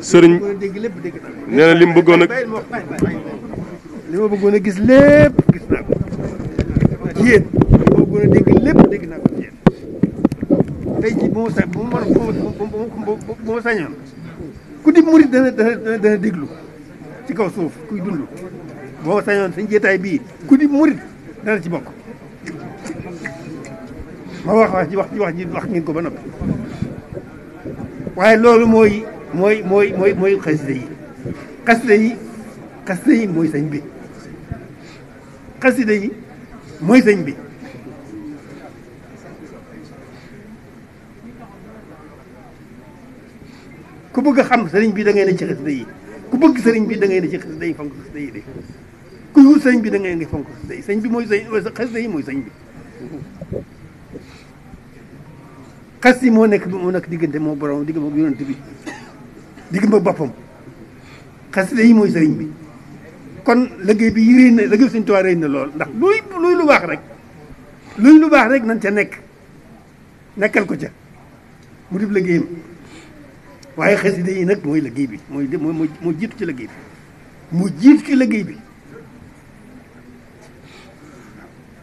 sëriñ nee na li mu bëggoon ma bëggoon a lépp gis naa ko ci yéen li bëggoon a dégg lépp dégg naa ko ci yéen tey jii déglu ci kaw suuf kuy dund boo sañoon suñ jeetaay ci bokk wax wax ko ba noppi waaye loolu mooy mooy mooy mooy mooy xasida yi xasida yi xasida yi mooy sëñ bi xasida yi mooy sëñ bi ku bëgg a xam sëriñ bi da ngay ne ci xasida yi ku bëgg sëriñ bi da ngay ne ci xasida yi fonk xasida yi de ku wut sëriñ bi da ngay ne fonk xasida yi sëñ bi mooy sëñ xasida yi mooy sëñ bi xas yi moo nekk moo nekk diggante moo borom digg moom yonent bi digg ma boppam xasida yi mooy sëriñ bi kon liggéey bi yi réy na liggéey Sëriñ Tuubaa réy na lool ndax luy luy lu baax rek luy lu baax rek nañ ca nekk nekkal ko ca mu dib liggéeyam waaye xasida yi nag mooy liggéey bi mooy moo moo jiitu ci liggéey bi mu jiitu ki liggéey bi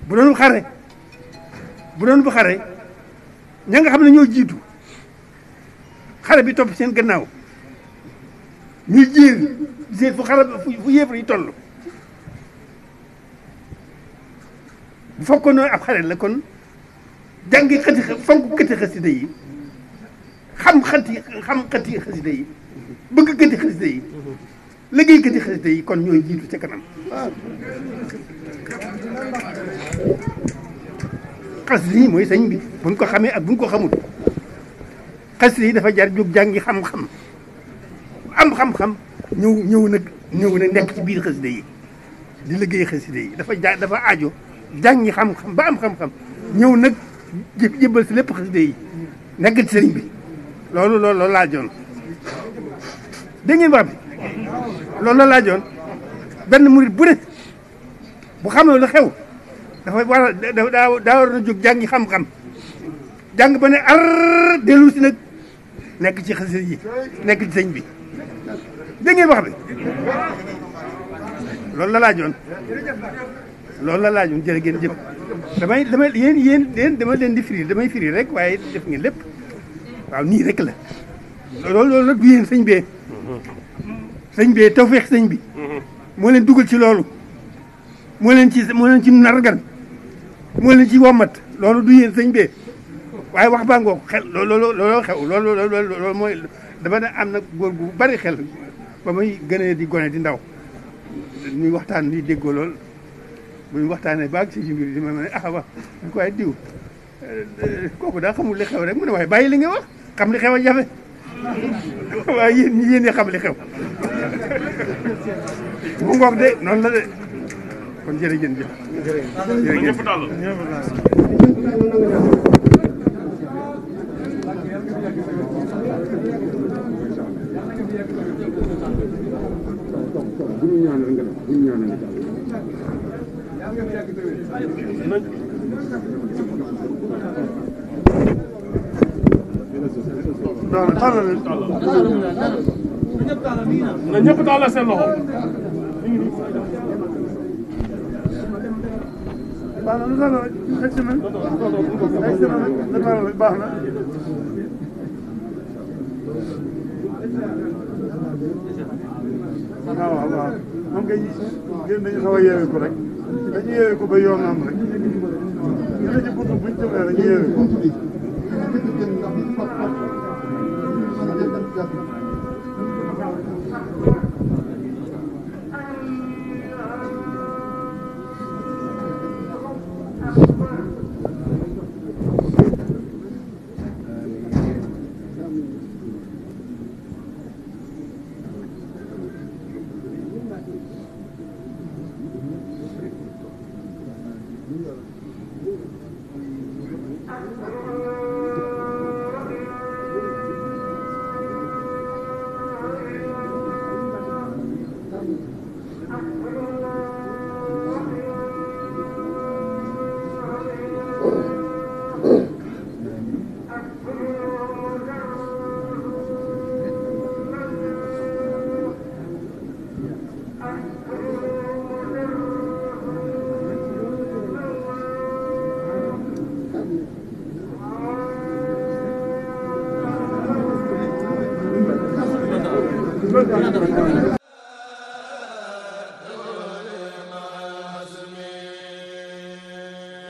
bu doon xare bu doon bu xare ña ngi xam ne ñoo jiitu xare bi topp seen gannaaw ñuy jéem di seet fu xarab fu yéefar yi toll bu fekkoon ab xale la kon jàngi xati fonk këti xasida yi xam xati xam xati xasida yi bëgg këti xasida yi liggéey këti xasida yi kon ñooy jiitu ci kanam xasida yi mooy sëñ bi buñ ko xamee ak buñ ko xamul xasida yi dafa jar jóg jàngi xam-xam xam-xam ñëw ñëw nag ñëw nag nekk ci biir xasida yi di liggéey xasida dafa ja dafa aajo jàngi xam-xam ba am xam-xam ñëw nag jébbal si lépp xasida yi nekk ci bi loolu loolu loolu laa joon dégg ngeen wax loolu loolu benn murit bu ne bu xamee lu xew dafa war a daa jóg jàngi xam-xam jàng ba ne ar dellu si nag nekk ci xasida yi nekk ci sëñ bi dégg ngeen wax de loolu la laajoon loolu la laajoon jërë ngeen jëf damay damay yéen yéen yéen dama leen di firi damay firi rek waaye def ngeen lépp waaw nii rek la loolu loolu nag du yéen sëñ bee sëñ bee sëñ bi moo ci loolu moo leen ci moo leen ci nargan moo leen ci wommat loolu du yéen sëñ bee waaye wax baa ngoo xel loolu loolu loolu loolu mooy dama ne am na góor gu bari xel ba muy gënee di gone di ndaw ñuy waxtaan di déggoo lool bu waxtaanee baag ci si mbir di ma ne ah wax ñu ko waaye diw kooku daa xamul li xew rek mu ne waaye bàyyi li nga wax xam li xew a jafe waaye yéen yéen ñi xam li xew bu ngoog de noonu la de kon jërëjëf jëf bu ñu ñaanal nga def bu ñu ñaanal nga na ñëpp tàllal seen loxo baax na baax na waaw waaw waaw moom kay gën dañu xaw a yeewee ko rek dañu yeewee ba yoon am rek ñu ne ci buntu buñ jëmee dañu yeewee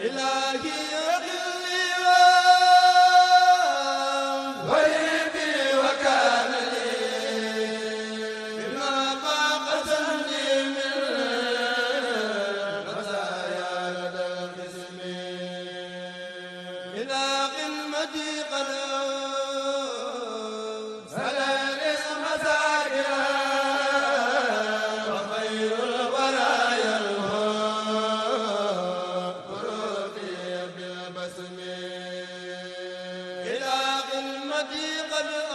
إلهي الذي قد